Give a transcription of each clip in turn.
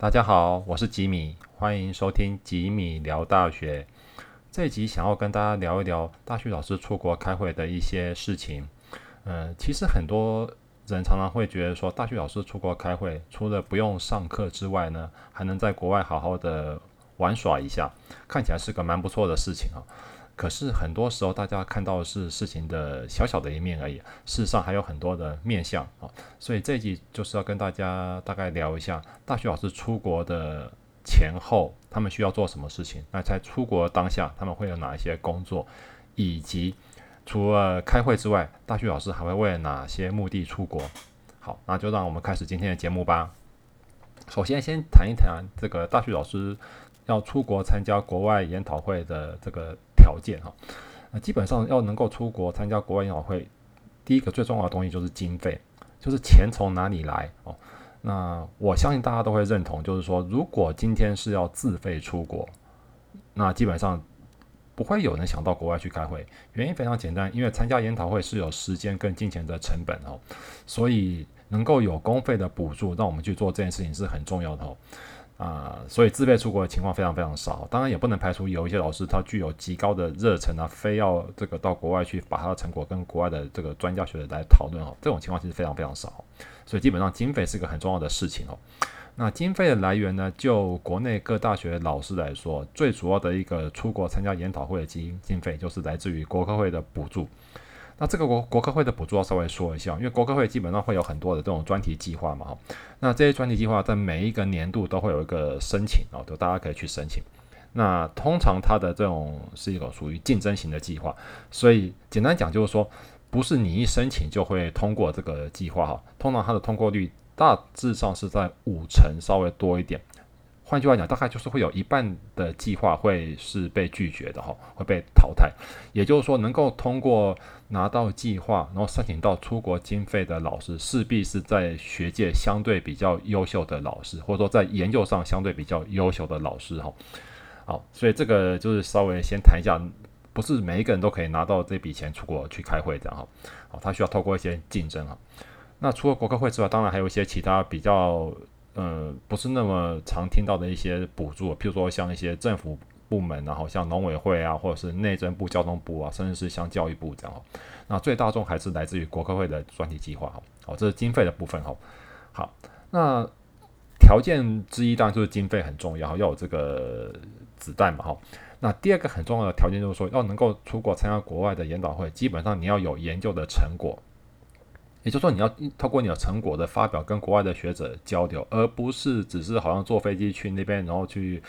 大家好，我是吉米，歡迎收聽吉米聊大學。這一集想要跟大家聊一聊大學老師出國開會的一些事情。嗯、呃，其實很多人常常會覺得說，大學老師出國開會，除了不用上課之外呢，還能在國外好好的玩耍一下，看起來是個蠻不錯的事情啊、哦。可是很多時候，大家看到的是事情的小小的一面而已。事實上還有很多的面相啊，所以這一集就是要跟大家大概聊一下大學老師出國的前後，他們需要做什麼事情。那在出國當下，他們會有哪一些工作，以及除了開會之外，大學老師還會為了哪些目的出國？好，那就讓我們開始今天的節目吧。首先，先談一談這個大學老師要出國參加國外研討會的這個條件哈，那基本上要能夠出國參加國外研討會，第一個最重要的東西就是經費，就是錢從哪裡來哦。那我相信大家都會認同，就是說如果今天是要自費出國，那基本上不會有人想到國外去開會。原因非常簡單，因為參加研討會是有時間跟金錢的成本哦，所以能夠有公費的補助，讓我們去做這件事情是很重要的哦。啊，所以自費出國的情況非常非常少，當然也不能排除有一些老師他具有極高的熱忱啊，非要這個到國外去把他的成果跟國外的這個專家學者來討論哦，這種情況其實非常非常少，所以基本上經費是一個很重要的事情哦。那經費的來源呢，就國內各大學老師來說，最主要的一個出國參加研討會的基金經費就是來自於國科會的補助。那這個國國科會的補助要稍微說一下，因為國科會基本上會有很多的這種專題計劃嘛哈，那這些專題計劃在每一個年度都會有一個申請哦，就大家可以去申請。那通常它的這種是一種屬於競爭型的計劃，所以簡單講就是說，不是你一申請就會通過這個計劃哈，通常它的通過率大致上是在五成稍微多一點。換句話講，大概就是會有一半的計劃會是被拒絕的哈，會被淘汰。也就是說，能夠通過拿到計劃，然後申請到出國經費的老師，勢必是在學界相對比較優秀的老師，或者說在研究上相對比較優秀的老師哈。好，所以這個就是稍微先談一下，不是每一個人都可以拿到這筆錢出國去開會的哈。好，他需要透過一些競爭哈，那除了國科會之外，當然還有一些其他比較。呃、嗯，不是那麼常聽到的一些補助，譬如說像一些政府部門、啊，然後像農委會啊，或者是內政部、交通部啊，甚至是像教育部這樣。那最大宗還是來自於國科會的專題計劃哦。這是經費的部分哦。好，那條件之一當然就是經費很重要，要有這個子彈嘛。哈，那第二個很重要的條件就是說，要能夠出國參加國外的研討會，基本上你要有研究的成果。也就是說，你要透過你的成果的發表跟國外的學者交流，而不是只是好像坐飛機去那邊，然後去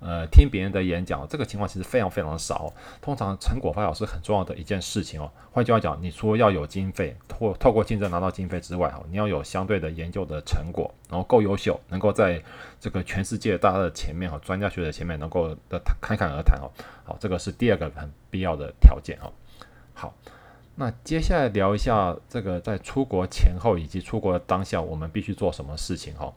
呃聽別人的演講。這個情況其實非常非常少。通常成果發表是很重要的一件事情哦。換句話講，你除了要有經費，或透，透過競爭拿到經費之外哦，你要有相對的研究的成果，然後夠優秀，能夠在這個全世界大家的前面哦，專家學者前面能夠的侃侃而談哦。好，這個是第二個很必要的條件哦。好。那接下來聊一下這個，在出國前後以及出國的當下，我們必須做什麼事情哈？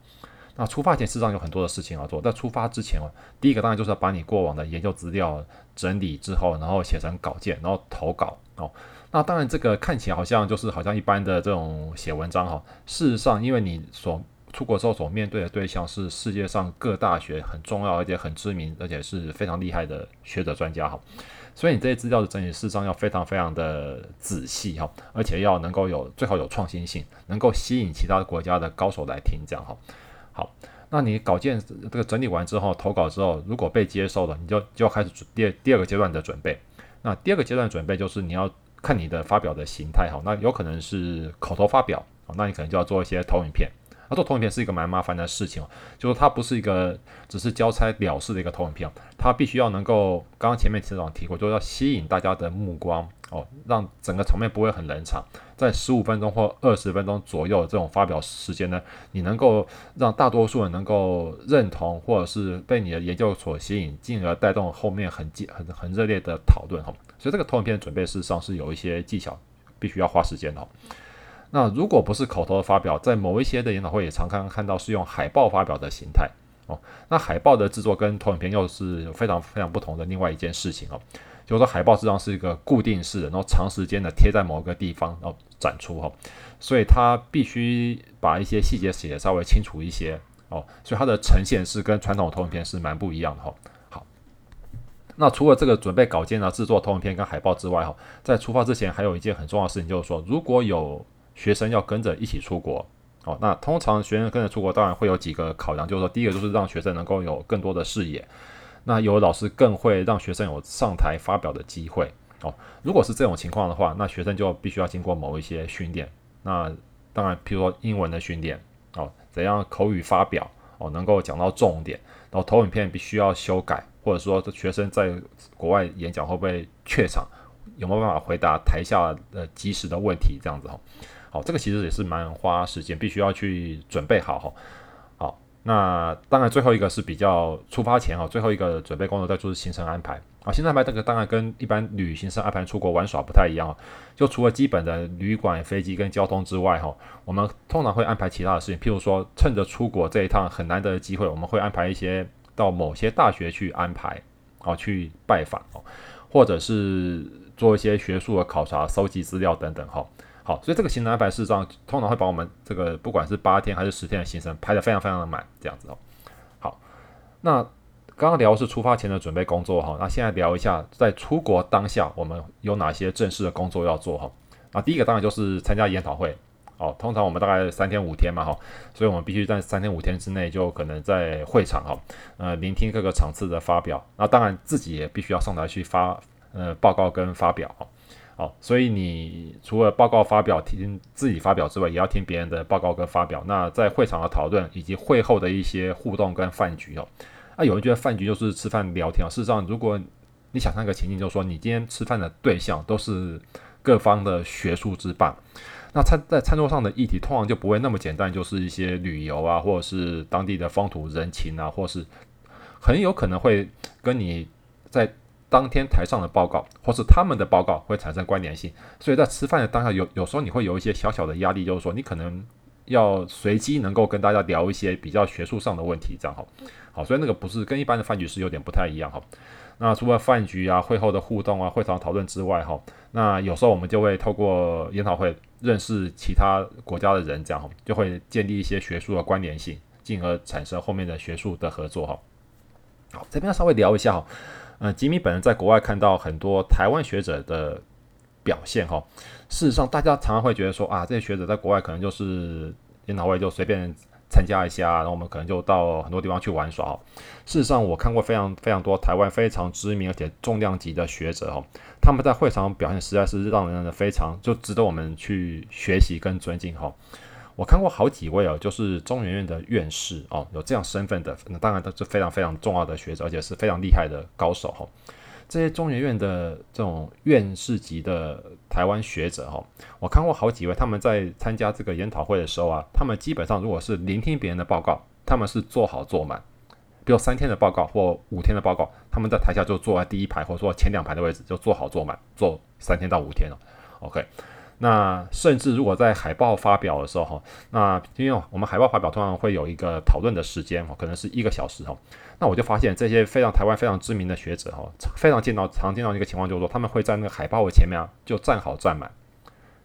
那出發前事實上有很多的事情要做。在出發之前哦，第一個當然就是要把你過往的研究資料整理之後，然後寫成稿件，然後投稿哦。那當然，這個看起來好像就是好像一般的這種寫文章哈。事實上，因為你所出國之後所面對的對象是世界上各大學很重要而且很知名，而且是非常厲害的學者專家哈。所以你這些資料的整理事實上要非常非常的仔細哈，而且要能夠有最好有創新性，能夠吸引其他國家的高手來聽這樣哈。好，那你稿件這個整理完之後投稿之後，如果被接受了，你就就要開始第二第二個階段的準備。那第二個階段的準備就是你要看你的發表的形態哈，那有可能是口頭發表，那你可能就要做一些投影片。那做投影片是一個蠻麻煩的事情，就是它不是一個只是交差了事的一個投影片，它必須要能夠剛剛前面幾種提過，就要吸引大家的目光哦，讓整個場面不會很冷場，在十五分鐘或二十分鐘左右這種發表時間呢，你能夠讓大多數人能夠認同或者是被你的研究所吸引，進而帶動後面很熱很很熱烈的討論哈、哦。所以這個投影片準備事實上是有一些技巧，必須要花時間的。哦那如果不是口頭發表，在某一些的研討會也常常看到是用海報發表的形態哦。那海報的制作跟投影片又是非常非常不同的另外一件事情哦。就是說海報實際上是一個固定式的，然後長時間的貼在某個地方然後、哦、展出哦，所以它必須把一些細節寫得稍微清楚一些哦。所以它的呈現是跟傳統的投影片是蠻不一樣的哈、哦。好，那除了這個準備稿件啊、制作投影片跟海報之外哈、哦，在出發之前還有一件很重要的事情，就是說如果有學生要跟着一起出國哦，那通常學生跟着出國，當然會有幾個考量，就是說，第一個就是讓學生能夠有更多的視野，那有的老師更會讓學生有上台發表的機會哦。如果是這種情況的話，那學生就必須要經過某一些訓練，那當然，譬如說英文的訓練哦，怎樣口語發表哦，能夠講到重點，然後投影片必須要修改，或者說學生在國外演講會不會怯場，有沒有辦法回答台下呃及時的問題，這樣子哈、哦。好，這個其實也是蠻花時間，必須要去準備好哈。好，那當然最後一個是比較出發前哈，最後一個準備工作再就是行程安排啊。行程安排這個當然跟一般旅行社安排出國玩耍不太一樣，就除了基本的旅館、飛機跟交通之外哈，我們通常會安排其他的事情，譬如說趁着出國這一趟很難得的機會，我們會安排一些到某些大學去安排啊，去拜訪哦，或者是做一些學術的考察、蒐集資料等等哈。好，所以這個行程安排事實上通常會把我們這個不管是八天還是十天的行程排得非常非常的滿，這樣子哦。好，那剛剛聊的是出發前的準備工作哈、哦，那現在聊一下在出國當下我們有哪些正式的工作要做哈、哦。那第一個當然就是參加研討會哦，通常我們大概三天五天嘛哈、哦，所以我們必須在三天五天之內就可能在會場哈，呃，聆聽各個場次的發表，那、哦、當然自己也必須要上台去發呃報告跟發表。哦哦、所以你除了報告發表聽自己發表之外，也要聽別人的報告跟發表。那在會場的討論以及會後的一些互動跟飯局哦，啊，有人覺得飯局就是吃飯聊天啊、哦。事實上，如果你想象一個情景，就是說你今天吃飯的對象都是各方的學術之霸，那餐在餐桌上的議題通常就不會那麼簡單，就是一些旅遊啊，或者是當地的風土人情啊，或是很有可能會跟你在。當天台上的報告，或是他們的報告會產生關聯性，所以在吃飯的當下，有有時候你會有一些小小的壓力，就是說你可能要隨機能夠跟大家聊一些比較學術上的問題，這樣哈，好，所以那個不是跟一般的飯局是有點不太一樣哈。那除了飯局啊、會後的互動啊、會場討論之外哈，那有時候我們就會透過研討會認識其他國家的人，這樣就會建立一些學術的關聯性，進而產生後面的學術的合作哈。好，這邊要稍微聊一下哈。呃、嗯，吉米本人在國外看到很多台灣學者的表現哈、哦。事實上，大家常常會覺得說啊，這些學者在國外可能就是研討會就隨便參加一下、啊，然後我們可能就到很多地方去玩耍、哦。事實上，我看過非常非常多台灣非常知名而且重量級的學者哈、哦，他們在會場表現實在是讓人非常就值得我們去學習跟尊敬哈、哦。我看過好幾位哦，就是中研院的院士哦，有這樣身份的，那當然都是非常非常重要的學者，而且是非常厲害的高手哈。這些中研院的這種院士級的台灣學者哦，我看過好幾位，他們在參加這個研討會的時候啊，他們基本上如果是聆聽別人的報告，他們是坐好坐滿，比如三天的報告或五天的報告，他們在台下就坐在第一排或者說前兩排的位置，就坐好坐滿，坐三天到五天了，OK。那甚至如果在海報發表的時候，那因為我們海報發表通常會有一個討論的時間，哦，可能是一個小時，哦，那我就發現這些非常台灣非常知名的學者，哈，非常見到常見到一個情況就是說，他們會在那個海報的前面啊，就站好站滿，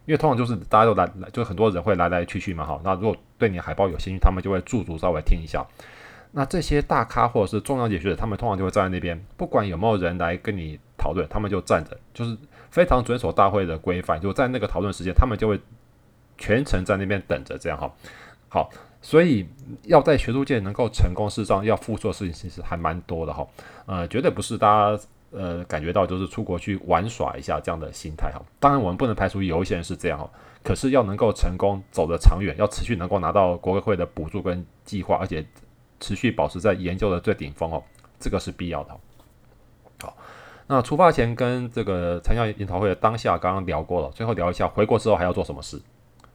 因為通常就是大家都來，就很多人會來來去去嘛，哈，那如果對你海報有興趣，他們就會駐足稍微聽一下。那這些大咖或者是重量級學者，他們通常就會站在那邊，不管有沒有人來跟你討論，他們就站着，就是非常遵守大會的規範，就在那個討論時間，他們就會全程在那邊等着，這樣哈。好，所以要在學術界能夠成功，事實上要付出的事情其實還蠻多的哈。呃，絕對不是大家呃感覺到就是出國去玩耍一下這樣的心態哈。當然，我們不能排除有一些人是這樣哈。可是要能夠成功走得長遠，要持續能夠拿到國科會的補助跟計劃，而且持續保持在研究的最頂峰哦，這個是必要的。那出發前跟這個參加研討會的當下剛剛聊過了，最後聊一下回國之後還要做什麼事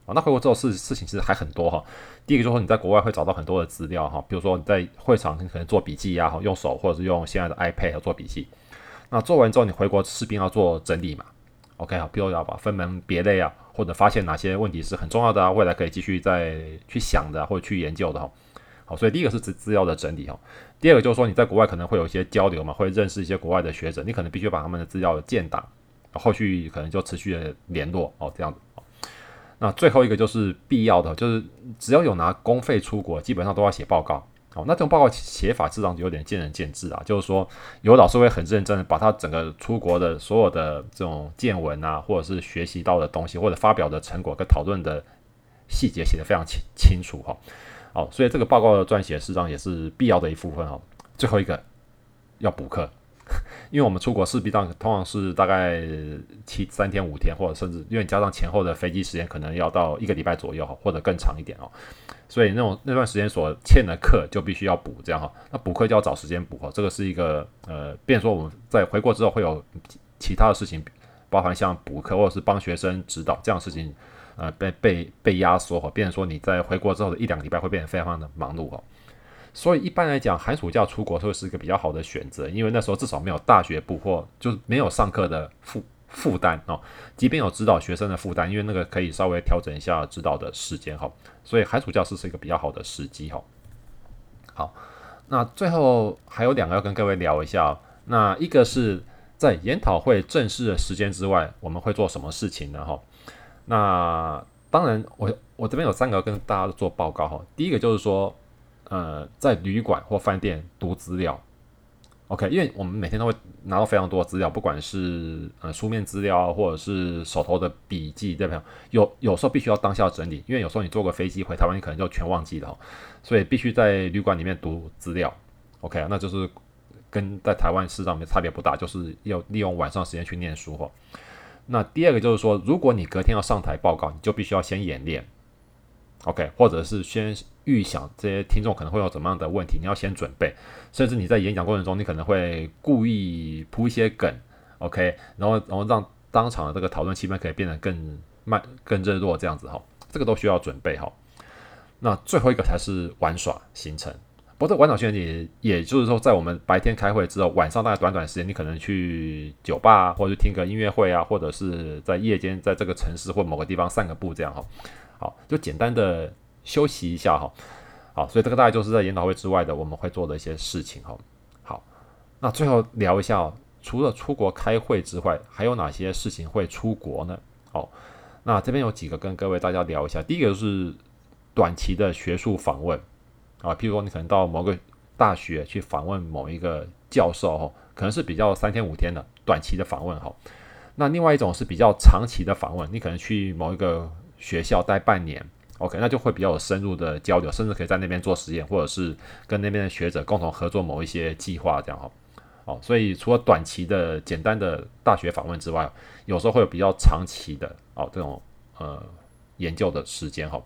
啊？那回國之後事事情其實還很多哈。第一個就是說你在國外會找到很多的資料哈，比如說你在會場，你可能做筆記啊，哈，用手或者是用現在的 iPad 做筆記。那做完之後你回國勢必要做整理嘛。OK 好，比如要把分門別類啊，或者發現哪些問題是很重要的啊，未來可以繼續再去想的、啊、或者去研究的哈、啊。所以第一個是資資料的整理哈，第二個就是說你在國外可能會有一些交流嘛，會認識一些國外的學者，你可能必須把他們的資料的建檔，後續可能就持續的聯絡哦，這樣子。那最後一個就是必要的，就是只要有拿公費出國，基本上都要寫報告哦。那這種報告寫法，自然有點見仁見智啊。就是說，有老師會很認真，把他整個出國的所有的這種見聞啊，或者是學習到的東西，或者發表的成果跟討論的細節，寫得非常清清楚哈。哦，所以這個報告的撰寫，事實上也是必要的一部分哦。最後一個要補課，因為我們出國勢必當通常是大概七三天五天，或者甚至因為加上前後的飛機時間，可能要到一個禮拜左右，或者更長一點哦。所以那種那段時間所欠的課，就必須要補這樣哈、哦。那補課就要找時間補哦。這個是一個呃，變說我們在回國之後會有其他的事情，包含像補課或者是幫學生指導這樣的事情。呃，被被被壓縮哦，變成說你在回國之後的一兩個禮拜會變得非常的忙碌哦，所以一般來講，寒暑假出國會是一個比較好的選擇，因為那時候至少沒有大學部課，就是沒有上課的負負擔哦。即便有指導學生的負擔，因為那個可以稍微調整一下指導的時間哈、哦，所以寒暑假是是一個比較好的時機哈、哦。好，那最後還有兩個要跟各位聊一下、哦，那一個是在研討會正式的時間之外，我們會做什麼事情呢、哦？哈。那當然我，我我這邊有三個跟大家做報告哈。第一個就是說，呃，在旅館或飯店讀資料，OK，因為我們每天都會拿到非常多的資料，不管是呃書面資料或者是手頭的筆記，對不對？有有時候必須要當下整理，因為有時候你坐個飛機回台灣，你可能就全忘記了，所以必須在旅館裡面讀資料，OK，那就是跟在台灣事實上差別不大，就是要利用晚上時間去念書哈。那第二個就是說，如果你隔天要上台報告，你就必須要先演練，OK，或者是先預想這些聽眾可能會有怎麼樣的問題，你要先準備，甚至你在演講過程中，你可能會故意鋪一些梗，OK，然後然後讓當場的這個討論氣氛可以變得更慢、更熱絡這樣子哈，這個都需要準備哈。那最後一個才是玩耍行程。或者晚上去，也就是說，在我們白天開會之後，晚上大概短短時間，你可能去酒吧啊，或者聽個音樂會啊，或者是在夜間在這個城市或某個地方散個步，這樣哈、哦，好，就簡單的休息一下哈、哦，好，所以這個大概就是在研討會之外的我們會做的一些事情哈、哦。好，那最後聊一下、哦，除了出國開會之外，還有哪些事情會出國呢？好，那這邊有幾個跟各位大家聊一下，第一個就是短期的學術訪問。啊，譬如說你可能到某個大學去訪問某一個教授哦，可能是比較三天五天的短期的訪問哈。那另外一種是比較長期的訪問，你可能去某一個學校待半年，OK，那就會比較有深入的交流，甚至可以在那邊做實驗，或者是跟那邊的學者共同合作某一些計劃這樣哈。哦，所以除了短期的簡單的大學訪問之外，有時候會有比較長期的哦這種呃研究的時間哈。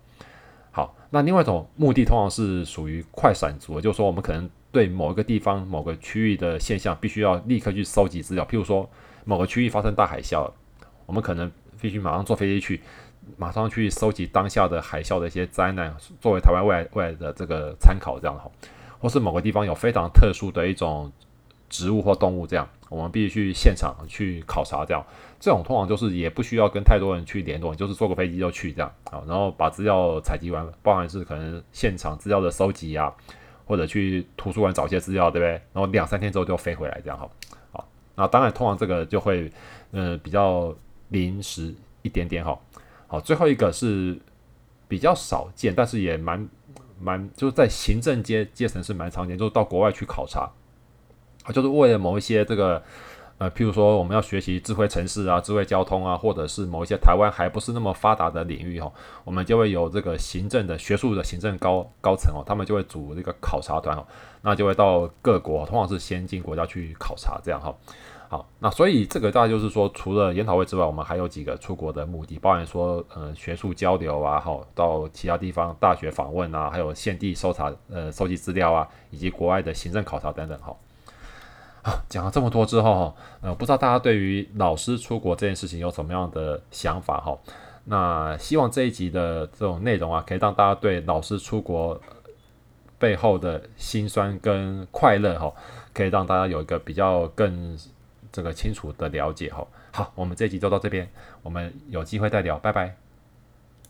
好，那另外一種目的通常是屬於快閃族，也就是說，我們可能對某一個地方、某個區域的現象，必須要立刻去蒐集資料。譬如說，某個區域發生大海嘯，我們可能必須馬上坐飛機去，馬上去蒐集當下的海嘯的一些災難，作為台灣未來未來的這個參考，這樣的話。或是某個地方有非常特殊的一種。植物或動物這樣，我們必須去現場去考察。這樣，這種通常就是也不需要跟太多人去聯絡，你就是坐個飛機就去這樣，好，然後把資料採集完，包含是可能現場資料的收集啊，或者去圖書館找一些資料，對不對？然後兩三天之後就飛回來，這樣哈，好，那當然通常這個就會，嗯，呃，比較臨時一點點好，好好。最後一個是比較少見，但是也蠻蠻就是在行政階階層是蠻常見，就是到國外去考察。就是為了某一些這個，呃，譬如說我們要學習智慧城市啊、智慧交通啊，或者是某一些台灣還不是那麼發達的領域哈、哦，我們就會有這個行政的、學術的行政高高層哦，他們就會組這個考察團哦，那就會到各國，通常是先進國家去考察這樣哈、哦。好，那所以這個大概就是說，除了研討會之外，我們還有幾個出國的目的，包含說，呃，學術交流啊，哈，到其他地方大學訪問啊，還有現地搜查、呃，蒐集資料啊，以及國外的行政考察等等哈、哦。講了這麼多之後哈，呃，不知道大家對於老師出國這件事情有什麼樣的想法哈？那希望這一集的這種內容啊，可以讓大家對老師出國背後的辛酸跟快樂哈，可以讓大家有一個比較更這個清楚的了解哈。好，我們這一集就到這邊，我們有機會再聊，拜拜。